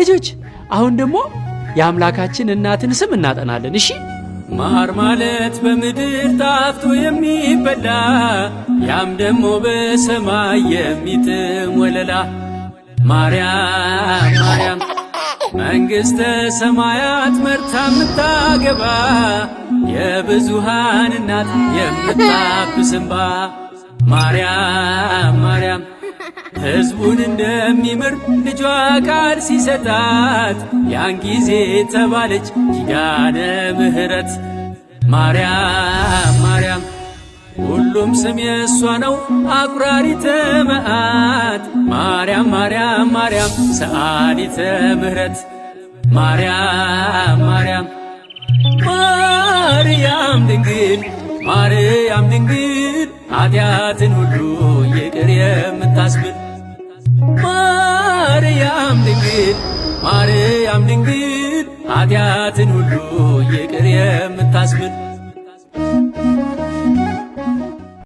ልጆች አሁን ደግሞ የአምላካችን እናትን ስም እናጠናለን። እሺ ማር ማለት በምድር ጣፍቶ የሚበላ ያም ደግሞ በሰማይ የሚጥም ወለላ። ማርያም ማርያም መንግሥተ ሰማያት መርታ የምታገባ የብዙሃን እናት የምታብስምባ ማርያም ሕዝቡን እንደሚምር ልጇ ቃል ሲሰጣት ያን ጊዜ ተባለች ኪዳነ ምሕረት ማርያም ማርያም ሁሉም ስም የእሷ ነው አቁራሪተ መዓት ማርያም ማርያም ማርያም ሰአሊተ ምሕረት ማርያም ማርያም ማርያም ድንግል ማርያም ድንግል ኃጢአትን ሁሉ ይቅር ድንግል ማርያም ድንግል ኃጢአትን ሁሉ ይቅር የምታስምን